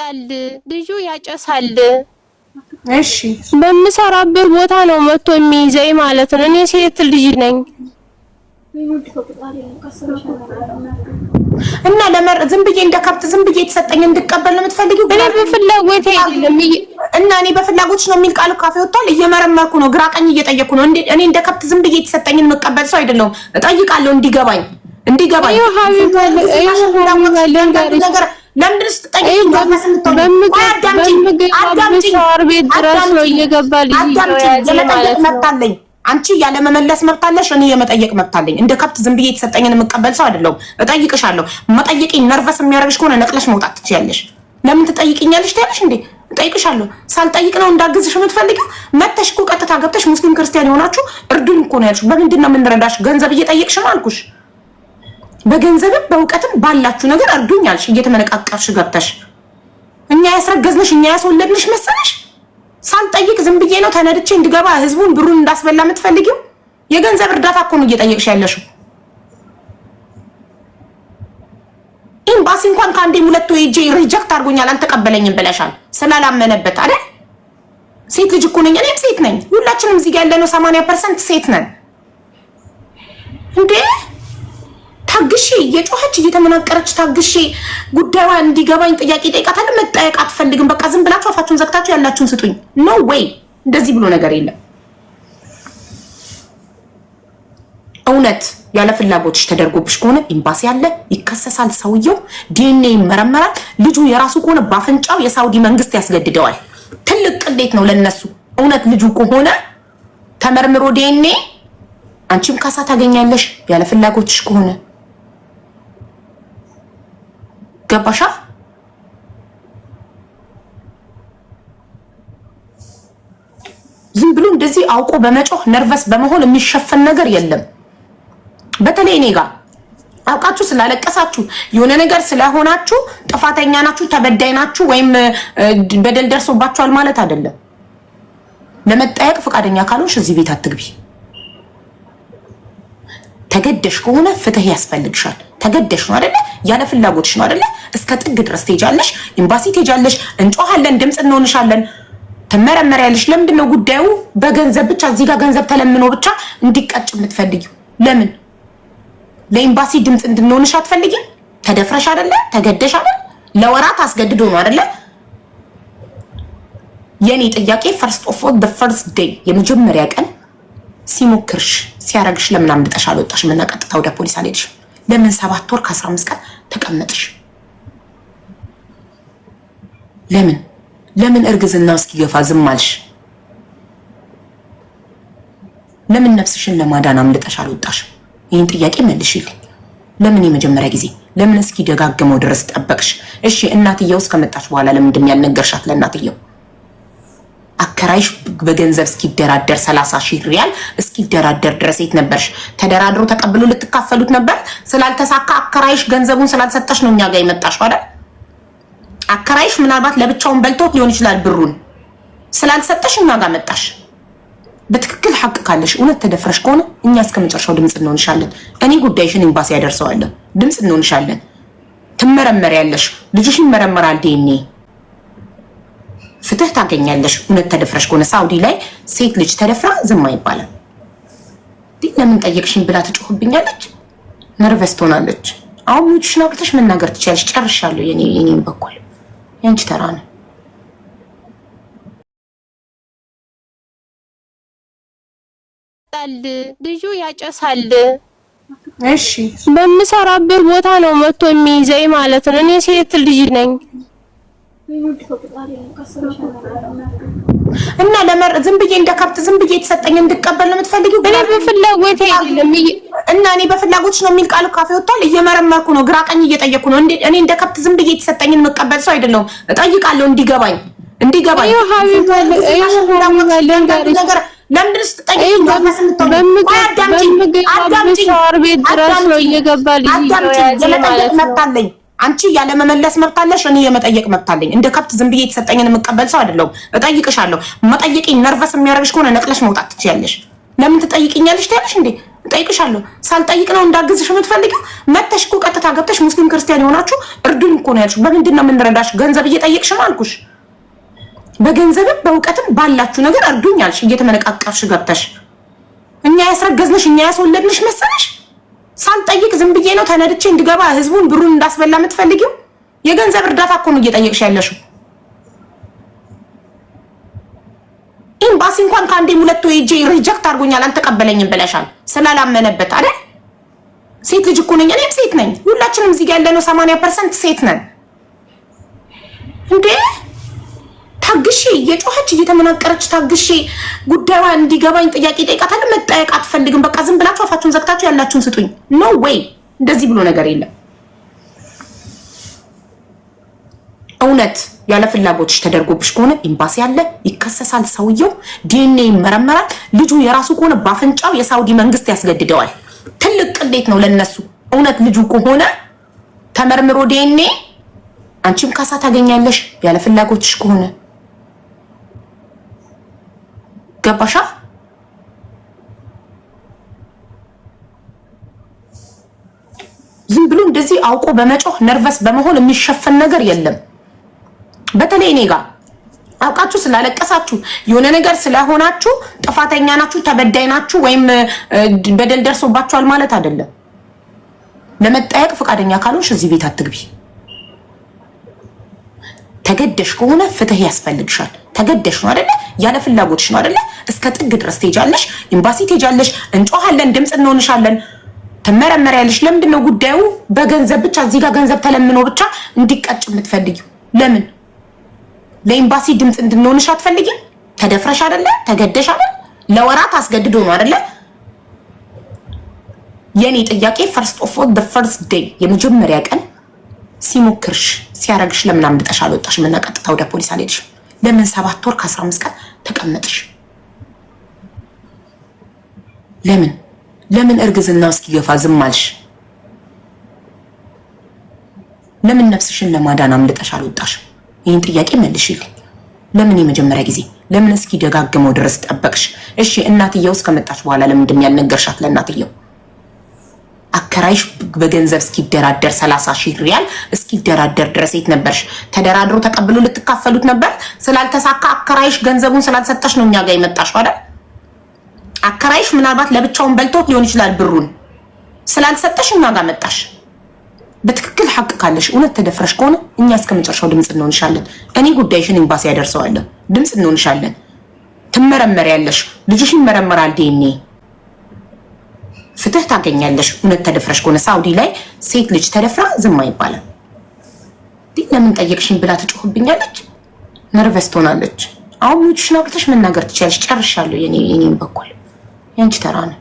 ይጠጣል፣ ልጁ ያጨሳል። እሺ በምሰራበት ቦታ ነው መጥቶ የሚይዘኝ ማለት ነው። እኔ ሴት ልጅ ነኝ እና ለመር ዝም ብዬ እንደ ከብት ዝም ብዬ የተሰጠኝ እንድቀበል ነው የምትፈልጊው? እኔ በፍላጎት እና እኔ በፍላጎት ነው የሚል ቃሉ ካፌ ወጥቷል። እየመረመርኩ ነው፣ ግራ ቀኝ እየጠየኩ ነው። እኔ እንደ ከብት ዝም ብዬ የተሰጠኝን መቀበል ሰው አይደለሁም። እጠይቃለሁ እንዲገባኝ እንዲገባኝ ለምንድን አንቺ ያለመመለስ መብት አለሽ፣ እኔ የመጠየቅ መብት አለኝ። እንደ ከብት ዝም ብዬ የተሰጠኝን የምቀበል ሰው አይደለሁም። እጠይቅሻለሁ። መጠየቅኝ ነርቨስ የሚያደርግሽ ከሆነ ነቅለሽ መውጣት ትችያለሽ። ለምን ትጠይቅኛለሽ ትያለሽ እንዴ? እጠይቅሻለሁ። ሳልጠይቅ ነው እንዳግዝሽ የምትፈልጊው? መተሽ እኮ ቀጥታ ገብተሽ ሙስሊም ክርስቲያን የሆናችሁ እርዱኝ እኮ ነው ያልኩሽ። በምንድን ነው የምንረዳሽ? ገንዘብ እየጠየቅሽ ነው አልኩሽ። በገንዘብም በእውቀትም ባላችሁ ነገር እርዱኝ አልሽ፣ እየተመነቃቀርሽ ገብተሽ እኛ ያስረገዝንሽ እኛ ያስወለድንሽ መሰለሽ። ሳልጠይቅ ዝም ብዬ ነው ተነድቼ እንድገባ ህዝቡን ብሩን እንዳስበላ የምትፈልጊው? የገንዘብ እርዳታ እኮ ነው እየጠየቅሽ ያለሽው። ኤምባሲ እንኳን ከአንዴም ሁለት ወይጄ ሪጀክት አድርጎኛል አልተቀበለኝም ብለሻል። ስላላመነበት አይደል? ሴት ልጅ እኮ ነኝ፣ እኔም ሴት ነኝ። ሁላችንም እዚህ ያለነው ሰማንያ ፐርሰንት ሴት ነን እንዴ ታግሼ እየጮኸች እየተመናቀረች ታግሼ ጉዳዩ እንዲገባኝ ጥያቄ ጠይቃታለሁ። መጠየቅ አትፈልግም። በቃ ዝም ብላችሁ አፋችሁን ዘግታችሁ ያላችሁን ስጡኝ። ኖ ወይ እንደዚህ ብሎ ነገር የለም። እውነት ያለ ፍላጎትሽ ተደርጎብሽ ከሆነ ኤምባሲ አለ፣ ይከሰሳል። ሰውየው ዲኤንኤ ይመረመራል። ልጁ የራሱ ከሆነ በአፍንጫው የሳውዲ መንግስት ያስገድደዋል። ትልቅ ቅሌት ነው ለነሱ። እውነት ልጁ ከሆነ ተመርምሮ ዲኤንኤ አንቺም ካሳ ታገኛለሽ፣ ያለ ፍላጎትሽ ከሆነ ገባሻ? ዝም ብሎ እንደዚህ አውቆ በመጮህ ነርቨስ በመሆን የሚሸፈን ነገር የለም። በተለይ እኔ ጋር አውቃችሁ ስላለቀሳችሁ የሆነ ነገር ስለሆናችሁ ጥፋተኛ ናችሁ፣ ተበዳይ ናችሁ፣ ወይም በደል ደርሶባችኋል ማለት አይደለም። ለመጠየቅ ፈቃደኛ ካልሆንሽ እዚህ ቤት አትግቢ። ተገደሽ ከሆነ ፍትህ ያስፈልግሻል። ተገደሽ ነው አደለ? ያለ ፍላጎትሽ ነው አደለ? እስከ ጥግ ድረስ ትሄጃለሽ፣ ኤምባሲ ትሄጃለሽ፣ እንጮሃለን፣ ድምፅ እንሆንሻለን፣ ትመረመሪያለሽ። ለምንድን ነው ጉዳዩ በገንዘብ ብቻ እዚህ ጋር ገንዘብ ተለምኖ ብቻ እንዲቀጭ የምትፈልጊው? ለምን ለኤምባሲ ድምፅ እንድንሆንሽ አትፈልጊም? ተደፍረሽ አደለ? ተገደሽ አደለ? ለወራት አስገድዶ ነው አደለ? የኔ ጥያቄ ፈርስት ኦፍ ኦል ፈርስት ዴይ የመጀመሪያ ቀን ሲሞክርሽ ሲያረግሽ ለምን አምልጠሽ አልወጣሽም እና ቀጥታ ወደ ፖሊስ አልሄድሽም? ለምን ሰባት ወር ከአስራ አምስት ቀን ተቀመጥሽ? ለምን ለምን እርግዝና እስኪገፋ ዝም አልሽ? ለምን ነፍስሽን ለማዳን አምልጠሽ አልወጣሽ ይህን ጥያቄ መልሽልኝ። ለምን የመጀመሪያ ጊዜ ለምን እስኪ ደጋግመው ድረስ ጠበቅሽ? እሺ እናትየው እስከመጣች በኋላ ለምንድን ያልነገርሻት? ለእናትየው አከራይሽ በገንዘብ እስኪደራደር ሰላሳ ሺህ ሪያል እስኪደራደር ድረስ የት ነበርሽ? ተደራድሮ ተቀብሎ ልትካፈሉት ነበር። ስላልተሳካ አከራይሽ ገንዘቡን ስላልሰጠሽ ነው እኛ ጋር የመጣሽው አይደል? አከራይሽ ምናልባት ለብቻውን በልቶት ሊሆን ይችላል ብሩን ስላልሰጠሽ እኛ ጋር መጣሽ። በትክክል ሐቅ ካለሽ እውነት ተደፍረሽ ከሆነ እኛ እስከ መጨረሻው ድምፅ እንሆንሻለን። እኔ ጉዳይሽን ኤምባሲ ያደርሰዋለሁ። ድምፅ እንሆንሻለን። ትመረመሪያለሽ። ልጅሽ ይመረመራል ዲኤንኤ ፍትህ ታገኛለሽ። እውነት ተደፍረሽ ከሆነ ሳውዲ ላይ ሴት ልጅ ተደፍራ ዝም አይባልም። ለምን ጠየቅሽኝ ብላ ትጮህብኛለች፣ ነርቨስ ትሆናለች። አሁን ሚውትሽን አውጥተሽ መናገር ትችያለሽ። ጨርሻለሁ። የኔም በኩል የአንቺ ተራ ነው። ልጁ ያጨሳል። እሺ፣ በምሰራበት ቦታ ነው መጥቶ የሚይዘኝ ማለት ነው። እኔ ሴት ልጅ ነኝ። እና ለመር ዝም ብዬ እንደ ከብት ዝም ብዬ የተሰጠኝ እንድቀበል ለምትፈልጊው የምትፈልጊው? እኔ በፍላጎት አይደለም እና እኔ በፍላጎት ነው የሚል ቃል ካፌ ወጥቷል። እየመረመርኩ ነው፣ ግራ ቀኝ እየጠየኩ ነው። እኔ እንደ ከብት ዝም ብዬ የተሰጠኝን መቀበል ሰው አይደለሁም። እጠይቃለሁ እንዲገባኝ እንዲገባኝ ለምንድን ስትጠይቂኝ አዳምጪኝ። የመጠየቅ መብት አለኝ አንቺ ያለመመለስ መብት አለሽ፣ እኔ የመጠየቅ መብት አለኝ። እንደ ከብት ዝም ብዬ የተሰጠኝን የምቀበል ሰው አይደለሁም። እጠይቅሻለሁ። መጠየቅኝ ነርቨስ የሚያደርግሽ ከሆነ ነቅለሽ መውጣት ትችያለሽ። ለምን ትጠይቅኛለሽ ትያለሽ እንዴ? እጠይቅሻለሁ። ሳልጠይቅ ነው እንዳግዝሽ የምትፈልጊው? መተሽ እኮ ቀጥታ ገብተሽ ሙስሊም ክርስቲያን የሆናችሁ እርዱኝ እኮ ነው ያልሽ። በምንድን ነው የምንረዳሽ? ገንዘብ እየጠየቅሽ ነው አልኩሽ። በገንዘብም በእውቀትም ባላችሁ ነገር እርዱኝ አልሽ። እየተመነቃቀፍሽ ገብተሽ እኛ ያስረገዝንሽ እኛ ያስወለድንሽ መሰለሽ? ሳልጠይቅ ዝም ብዬ ነው ተነድቼ እንድገባ ህዝቡን ብሩን እንዳስበላ የምትፈልጊው? የገንዘብ እርዳታ እኮ ነው እየጠየቅሽ ያለሽው። ኢምባሲ እንኳን ከአንዴም ሁለት ወይጄ ሪጀክት አድርጎኛል አልተቀበለኝም ብለሻል። ስላላመነበት አይደል? ሴት ልጅ እኮ ነኝ። እኔም ሴት ነኝ። ሁላችንም እዚህ ጋ ያለነው ሰማንያ ፐርሰንት ሴት ነን እንዴ ታግሼ እየጮኸች እየተመናቀረች ታግሼ ጉዳዩ እንዲገባኝ ጥያቄ ጠይቃታለሁ። መጠየቅ አትፈልግም። በቃ ዝም ብላችሁ አፋችሁን ዘግታችሁ ያላችሁን ስጡኝ። ኖ ወይ እንደዚህ ብሎ ነገር የለም። እውነት ያለ ፍላጎትሽ ተደርጎብሽ ከሆነ ኤምባሲ አለ፣ ይከሰሳል። ሰውየው ዲኤንኤ ይመረመራል። ልጁ የራሱ ከሆነ በአፍንጫው የሳውዲ መንግስት ያስገድደዋል። ትልቅ ቅሌት ነው ለነሱ። እውነት ልጁ ከሆነ ተመርምሮ ዲኤንኤ አንቺም ካሳ ታገኛለሽ፣ ያለ ፍላጎትሽ ከሆነ ገባሻ? ዝም ብሎ እንደዚህ አውቆ በመጮህ ነርቨስ በመሆን የሚሸፈን ነገር የለም። በተለይ እኔ ጋር አውቃችሁ ስላለቀሳችሁ የሆነ ነገር ስለሆናችሁ ጥፋተኛ ናችሁ፣ ተበዳይ ናችሁ ወይም በደል ደርሶባችኋል ማለት አይደለም። ለመጠየቅ ፈቃደኛ ካልሆንሽ እዚህ ቤት አትግቢ። ተገደሽ ከሆነ ፍትህ ያስፈልግሻል። ተገደሽ ነው አደለ? ያለ ፍላጎትሽ ነው አደለ? እስከ ጥግ ድረስ ትሄጃለሽ፣ ኤምባሲ ትሄጃለሽ፣ እንጮሃለን፣ ድምፅ እንሆንሻለን፣ ትመረመሪያለሽ። ለምንድን ነው ጉዳዩ በገንዘብ ብቻ እዚህ ጋር ገንዘብ ተለምኖ ብቻ እንዲቀጭ የምትፈልጊው? ለምን ለኤምባሲ ድምፅ እንድንሆንሽ አትፈልጊም? ተደፍረሽ አደለ? ተገደሽ አደለ? ለወራት አስገድዶ ነው አደለ? የኔ ጥያቄ ፈርስት ኦፍ ኦል ፈርስት ዴይ የመጀመሪያ ቀን ሲሞክርሽ ሲያረግሽ ለምን አምልጠሽ አልወጣሽም እና ቀጥታ ወደ ፖሊስ አልሄድሽም? ለምን ሰባት ወር ከአስራ አምስት ቀን ተቀመጥሽ? ለምን ለምን እርግዝናው እስኪገፋ ዝም አልሽ? ለምን ነፍስሽን ለማዳን አምልጠሽ አልወጣሽም? ይህን ጥያቄ መልሽልኝ። ለምን የመጀመሪያ ጊዜ ለምን እስኪ ደጋግመው ድረስ ጠበቅሽ? እሺ እናትየው እስከመጣች በኋላ ለምንድን ያልነገርሻት? ለእናትየው አከራይሽ በገንዘብ እስኪደራደር ሰላሳ ሺህ ሪያል እስኪደራደር ድረስ የት ነበርሽ? ተደራድሮ ተቀብሎ ልትካፈሉት ነበር። ስላልተሳካ አከራይሽ ገንዘቡን ስላልሰጠሽ ነው እኛ ጋር የመጣሽ አይደል? አከራይሽ ምናልባት ለብቻውን በልቶት ሊሆን ይችላል ብሩን ስላልሰጠሽ እኛ ጋር መጣሽ። በትክክል ሀቅ ካለሽ እውነት ተደፍረሽ ከሆነ እኛ እስከ መጨረሻው ድምፅ እንሆንሻለን። እኔ ጉዳይሽን ኤምባሲ ያደርሰዋለሁ። ድምፅ እንሆንሻለን። ትመረመሪያለሽ። ልጅሽ ይመረመራል ዲኤንኤ ፍትህ ታገኛለሽ። እውነት ተደፍረሽ ከሆነ ሳውዲ ላይ ሴት ልጅ ተደፍራ ዝም አይባልም። ለምን ጠየቅሽኝ ብላ ትጮህብኛለች፣ ነርቨስ ትሆናለች። አሁን ሚዎችሽን አውጥተሽ መናገር ትችላለሽ። ጨርሻለሁ። የኔን በኩል የአንቺ ተራ ነው።